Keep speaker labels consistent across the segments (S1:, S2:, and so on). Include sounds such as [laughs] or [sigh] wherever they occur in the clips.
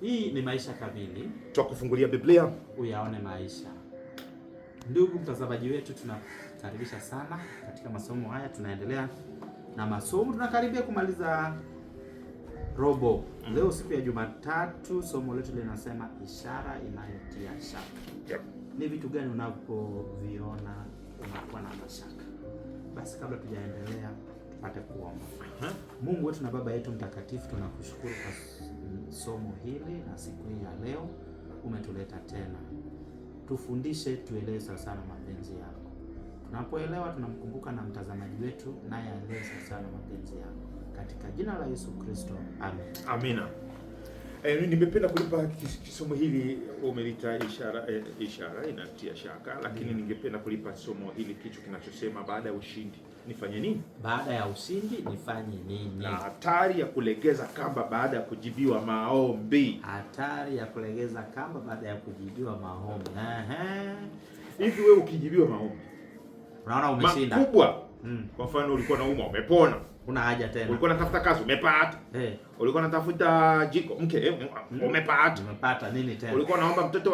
S1: Hii ni Maisha Kamili,
S2: kufungulia Biblia
S1: uyaone maisha. Ndugu mtazamaji wetu, tunakaribisha sana katika masomo haya. Tunaendelea na masomo, tunakaribia kumaliza robo mm-hmm. leo, siku ya Jumatatu. Somo letu linasema ishara inayotia shaka. Yep. Ni vitu gani unapoviona unakuwa na mashaka? Basi kabla tujaendelea atakuomba. Mungu wetu na Baba yetu mtakatifu, tunakushukuru kwa somo hili na siku hii ya leo umetuleta tena. Tufundishe, tuelewe sana mapenzi yako. Tunapoelewa tunamkumbuka na mtazamaji wetu, naye aeleze sana mapenzi yako, katika jina la Yesu Kristo, amen.
S2: Amina. E, nimependa kulipa kisomo hili umelita ishara, e, ishara inatia shaka, lakini ningependa kulipa somo hili kichwa kinachosema baada ya ushindi nifanye nini
S1: baada ya ushindi, nifanye nini,
S2: na hatari ya kulegeza kamba baada ya kujibiwa maombi.
S1: Hatari ya kulegeza kamba baada ya kujibiwa maombi.
S2: Hivi wewe ukijibiwa maombi
S1: unaona umeshinda
S2: makubwa Mm. Kwa mfano ulikuwa na uma umepona,
S1: una haja tena,
S2: ulikuwa unatafuta kazi, umepata hey. Ulikuwa unatafuta jiko, mke, eh, mm. umepata
S1: umepata nini tena,
S2: ulikuwa unaomba mtoto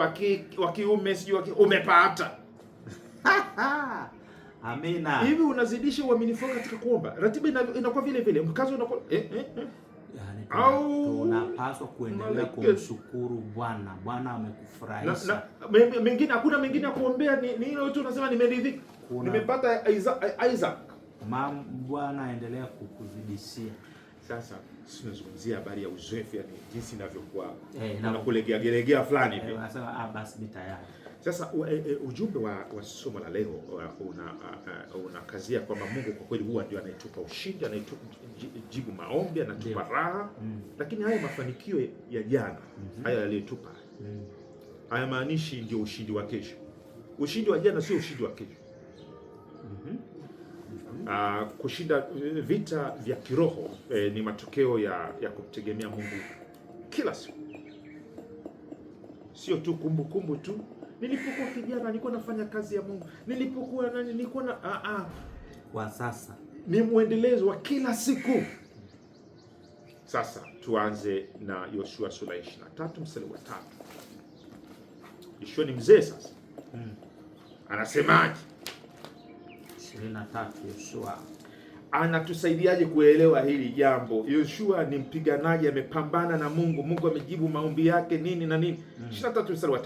S2: wa kiume, sijui umepata [laughs] Amina. Hivi unazidisha uaminifu katika kuomba, ratiba inakuwa vile vile, mkazo unakuwa eh, eh, eh.
S1: Yani, au unapaswa kuendelea kumshukuru Bwana. Bwana amekufurahisha.
S2: Mengine hakuna mengine ya kuombea, ni ni ile tu unasema nimeridhika, nimepata eh, Isaac.
S1: Mam, Bwana aendelea kukuzidishia.
S2: Sasa tunazungumzia habari ya uzoefu, yani jinsi inavyokuwa hey, eh, na kulegea gelegea fulani hivi.
S1: Eh, ah, basi tayari
S2: sasa e, e, ujumbe wa, wa somo la leo uh, uh, uh, unakazia una kwamba Mungu kwa kweli huwa ndio anaitupa ushindi, anaitupa jibu maombi, anatupa raha mm. Lakini haya mafanikio ya jana mhm. mm -hmm. haya yaliyotupa mm. hayamaanishi ndio ushindi wa kesho. Ushindi wa jana sio ushindi wa kesho mm -hmm. uh, kushinda eh, vita vya kiroho eh, ni matokeo ya, ya kumtegemea Mungu kila siku, sio tu kumbukumbu tu nilipokuwa kijana nilikuwa nafanya kazi ya Mungu, nilipokuwa nani, nilikuwa na a ah, a ah.
S1: kwa sasa
S2: ni mwendelezo wa kila siku. Sasa tuanze na Yoshua sura 23 mstari wa 3. Yoshua ni mzee sasa, hmm. Anasemaje?
S1: 23 Yoshua
S2: anatusaidiaje kuelewa hili jambo? Yoshua ni mpiganaji, amepambana na Mungu, Mungu amejibu maombi yake nini na nini. 23 hmm. mstari wa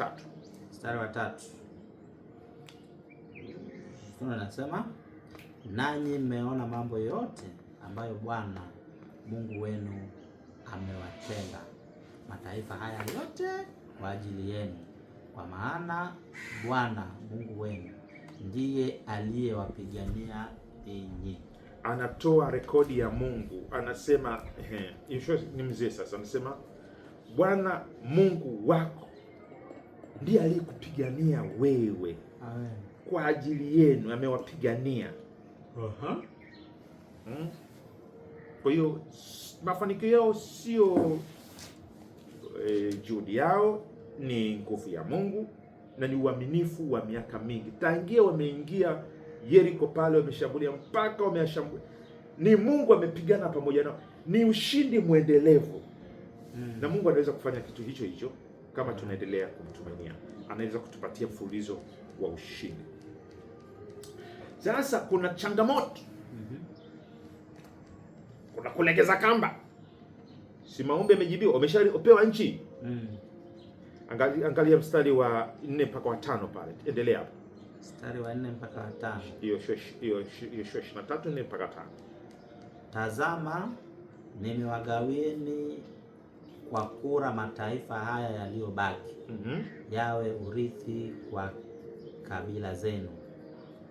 S1: mstari wa tatu anasema nanyi mmeona mambo yote ambayo Bwana Mungu wenu amewatenda mataifa haya yote kwa ajili yenu, kwa maana Bwana Mungu wenu ndiye aliyewapigania ninyi.
S2: Anatoa rekodi ya Mungu, anasema he, ni mzee sasa, anasema Bwana Mungu wako ndiye aliyekupigania wewe. Amen. Kwa ajili yenu amewapigania. uh-huh. hmm. Kwa hiyo mafanikio yao sio e, juhudi yao, ni nguvu ya Mungu na ni uaminifu wa miaka mingi, tangia wameingia Yeriko pale, wameshambulia mpaka wameashambulia, ni Mungu amepigana pamoja nao, ni ushindi mwendelevu. Hmm. Na Mungu anaweza kufanya kitu hicho hicho kama tunaendelea kumtumainia, anaweza kutupatia mfululizo wa ushindi. Sasa kuna changamoto mm-hmm. kuna kulegeza kamba, si maombi yamejibiwa, wameshapewa nchi mm. Angalia, angalia mstari wa nne mpaka wa tano pale, endelea hapo
S1: mstari wa nne mpaka wa tano
S2: hiyo Yoshua ishirini na tatu nne mpaka tano
S1: Tazama nimewagawieni kwa kura mataifa haya yaliyobaki mm -hmm. yawe urithi kwa kabila zenu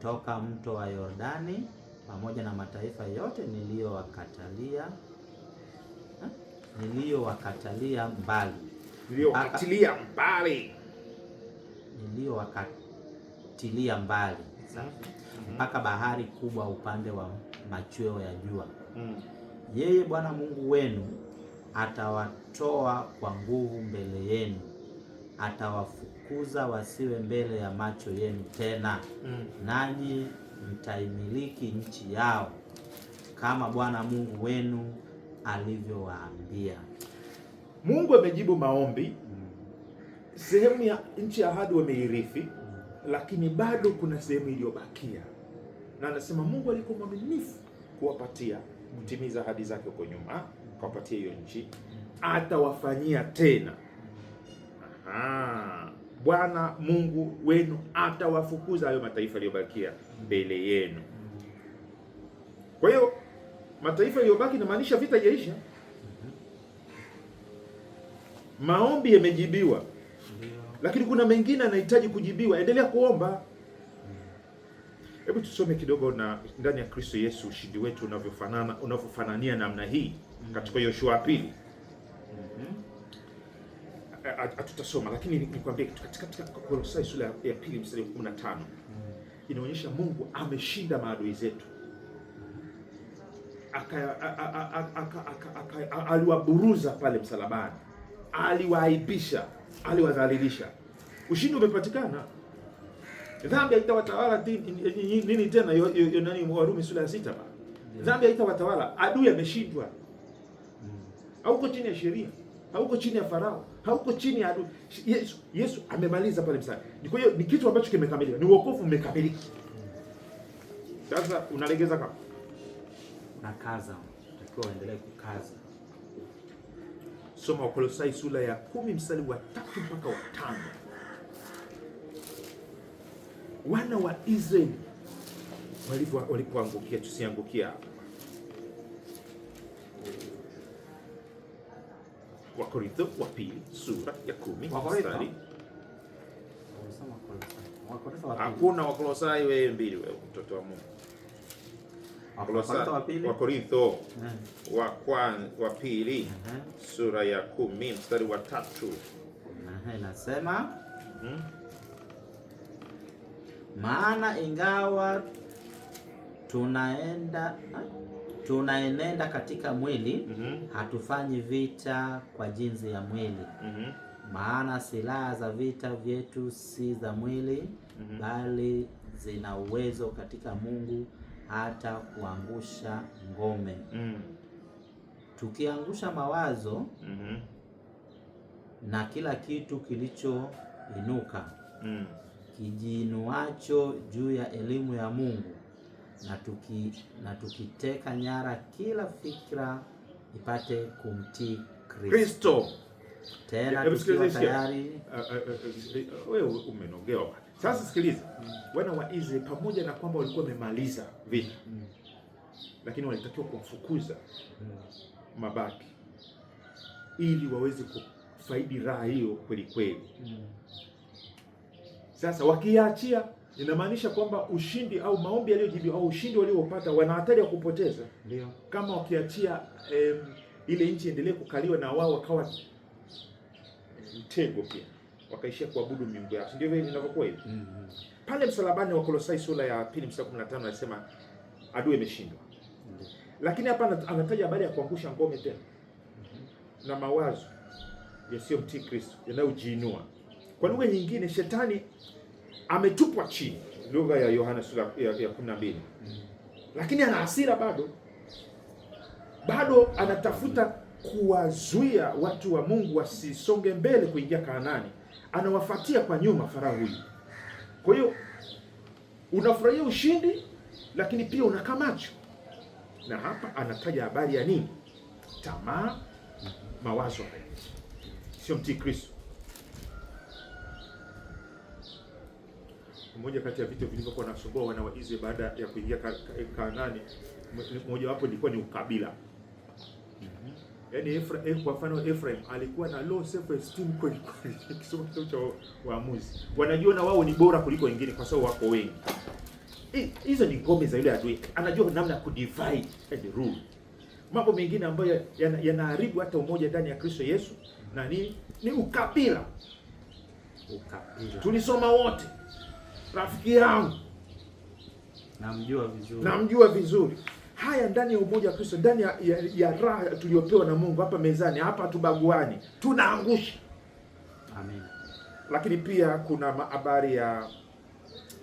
S1: toka mto wa Yordani pamoja na mataifa yote niliyowakatalia eh, niliyowakatalia mbali
S2: niliyowakatilia mbali
S1: niliyowakatilia mbali mhm. mpaka mm -hmm. bahari kubwa upande wa machweo ya jua mm. Yeye Bwana Mungu wenu atawatoa kwa nguvu mbele yenu, atawafukuza wasiwe mbele ya macho yenu tena, mm. nanyi mtaimiliki nchi yao kama Bwana Mungu wenu alivyowaambia.
S2: Mungu amejibu maombi. Sehemu ya nchi ya ahadi wameirithi, lakini bado kuna sehemu iliyobakia, na anasema Mungu alikuwa mwaminifu kuwapatia kutimiza ahadi zake huko nyuma kuwapatia hiyo nchi, atawafanyia tena. Aha. Bwana Mungu wenu atawafukuza hayo mataifa yaliyobakia mbele yenu. Kwa hiyo mataifa yaliyobaki, inamaanisha vita haijaisha, maombi yamejibiwa, lakini kuna mengine yanahitaji kujibiwa. Endelea kuomba. Hebu tusome kidogo na ndani ya Kristo Yesu ushindi wetu unavyofanana unavyofanania namna hii katika Yoshua wa pili hatutasoma, lakini nikwambie kitu katika Kolosai sura ya pili mstari wa 15 inaonyesha Mungu ameshinda maadui zetu, aliwaburuza pale msalabani, aliwaaibisha, aliwadhalilisha. Ushindi umepatikana. Dhambi haitawatawala nini tena? Warumi sura ya sita, dhambi haitawatawala, adui ameshindwa hauko chini ya sheria, hauko chini ya Farao, hauko chini ya adui. Yesu, Yesu amemaliza pale msali. Kwa hiyo ni kitu ambacho kimekamilika, ni wokovu umekamilika. Sasa unalegeza kama
S1: nakaza, takiwa uendelee kukaza.
S2: Soma Wakolosai sura ya kumi mstari wa tatu mpaka wa tano. Wana wa Israeli walipoangukia, tusiangukia hapo Wakorintho wa pili sura ya kumi mstari hakuna Wakolosai wewe mbili wewe mtoto wa Mungu. Wakorintho wa wa pili eh. eh. sura ya kumi mstari wa tatu
S1: eh, inasema hmm? maana ingawa tunaenda ha? tunaenenda katika mwili mm -hmm. hatufanyi vita kwa jinsi ya mwili mm -hmm. maana silaha za vita vyetu si za mwili mm -hmm. bali zina uwezo katika Mungu hata kuangusha ngome mm -hmm. tukiangusha mawazo mm -hmm. na kila kitu kilichoinuka mm -hmm. kijiinuacho juu ya elimu ya Mungu na, tuki, na tukiteka nyara kila fikra ipate kumtii Kristo. Tena tukiwa tayari. Eh,
S2: eh, eh, wewe umenogewa sasa, sikiliza. Wana wa Israeli pamoja na kwamba walikuwa wamemaliza vita mm, lakini walitakiwa kumfukuza mm, mabaki ili waweze kufaidi raha hiyo kweli kweli. Mm. Sasa wakiachia Inamaanisha kwamba ushindi au maombi yaliyojibiwa au ushindi waliopata wana hatari ya kupoteza. Ndio. Kama wakiachia um, ile nchi endelee kukaliwa na wao wakawa mtego pia wakaishia kuabudu miungu yao. Ndio vile inavyokuwa hivi. Mm -hmm. Pale msalabani wa Kolosai sura ya pili mstari 15 anasema adui ameshindwa. Mm -hmm. Lakini hapa anataja habari ya kuangusha ngome tena. Mm -hmm. Na mawazo yasiyomtii Kristo yanayojiinua. Kwa lugha nyingine shetani ametupwa chini, lugha ya Yohana sura ya, ya kumi mm. Lakini ana hasira bado, bado anatafuta kuwazuia watu wa Mungu wasisonge mbele kuingia Kanaani, anawafuatia kwa nyuma Farao huyu. Kwa hiyo unafurahia ushindi, lakini pia unakaa macho. Na hapa anataja habari ya nini? Tamaa, mawazo, sio mtii Kristo. moja kati ya vitu vilivyokuwa nasumbua wana wa Israeli baada ya kuingia Kanaani, mojawapo ilikuwa ni ukabila. Mhm. Yaani Ephraim, eh, kwa mfano Ephraim alikuwa na low self esteem kweli kweli. [laughs] Kisoma kitabu cha Waamuzi, wanajiona wao ni bora kuliko wengine kwa sababu wako wengi. Hizo ni ngome za yule adui, anajua namna ya kudivide and rule. Mambo mengine ambayo yanaharibu hata umoja ndani ya Kristo Yesu na nini? Ni ukabila,
S1: ukabila.
S2: Tulisoma wote rafiki yangu,
S1: namjua vizuri,
S2: namjua vizuri. Haya, ndani ya umoja wa Kristo, ndani ya, ya, ya raha tuliyopewa na Mungu hapa mezani hapa, tubaguani, tunaangusha. Amen. Lakini pia kuna habari ya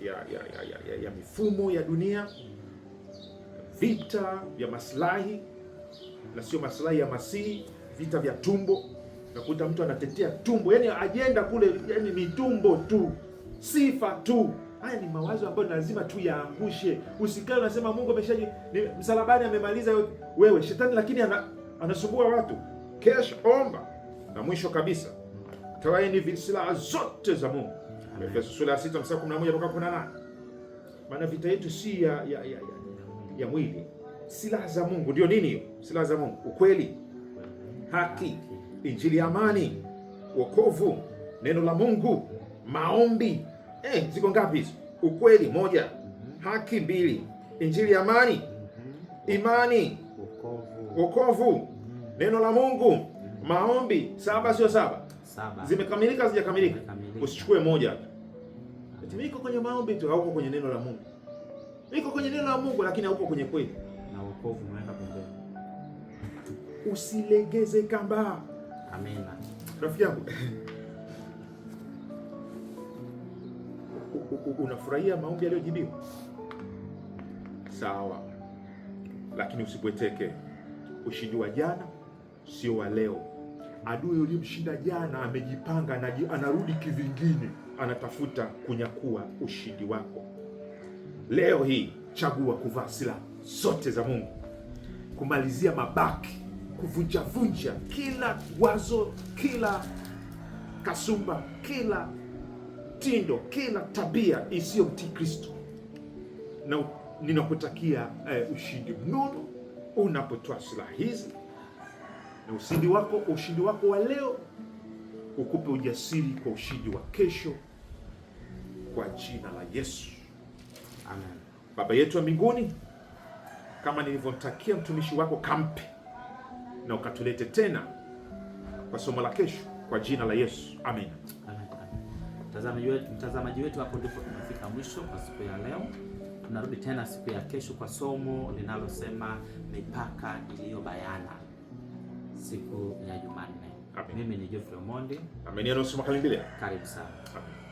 S2: ya, ya, ya, ya, ya, ya mifumo ya dunia, vita vya maslahi na sio maslahi ya Masihi, vita vya tumbo. Nakuta mtu anatetea tumbo, yani ajenda kule, yani ni tumbo tu sifa tu. Haya ni mawazo ambayo lazima tu yaangushe Usikae unasema Mungu ameshaji msalabani, amemaliza wewe shetani, lakini ana, anasumbua watu. Kesho omba, na mwisho kabisa tawaeni silaha zote za Mungu, Efeso sura ya 6 mstari 11 mpaka 18. Maana vita yetu si ya, ya, ya, ya, ya mwili. Silaha za Mungu ndio nini hiyo? Silaha za Mungu: ukweli, haki, injili ya amani, wokovu, neno la Mungu, maombi eh, ziko ngapi hizo? Ukweli moja, mhm. haki mbili, injili ya amani, mhm. imani, wokovu, mhm. neno la Mungu, maombi. Saba sio saba? Saba. Zimekamilika zijakamilika Usichukue moja tu, iko kwenye maombi tu, hauko kwenye neno la Mungu. Iko kwenye neno la Mungu lakini hauko kwenye kweli
S1: na wokovu, mweka pembeni.
S2: Usilegeze kamba. Amina rafiki yangu. [laughs] unafurahia maombi yaliyojibiwa, sawa, lakini usipweteke. Ushindi wa jana sio wa leo. Adui uliyemshinda jana amejipanga, anarudi kivingine, anatafuta kunyakua ushindi wako. Leo hii chagua kuvaa silaha zote za Mungu, kumalizia mabaki, kuvunjavunja kila wazo, kila kasumba, kila mtindo, kila tabia isiyomtii Kristo, na ninakutakia eh, ushindi mnono unapotoa silaha hizi, na ushindi wako ushindi wako wa leo ukupe ujasiri kwa ushindi wa kesho, kwa jina la Yesu, amen. Baba yetu wa mbinguni, kama nilivyotakia mtumishi wako, kampe na ukatulete tena kwa somo la kesho, kwa jina la Yesu, amen
S1: mtazamaji wetu, mtazamaji wetu, hapo ndipo tunafika mwisho kwa siku ya leo. Tunarudi tena siku ya kesho kwa somo linalosema mipaka iliyobayana siku ya Jumanne. Mimi ni Geoffrey Omondi. Ameni Karibu sana. Amen.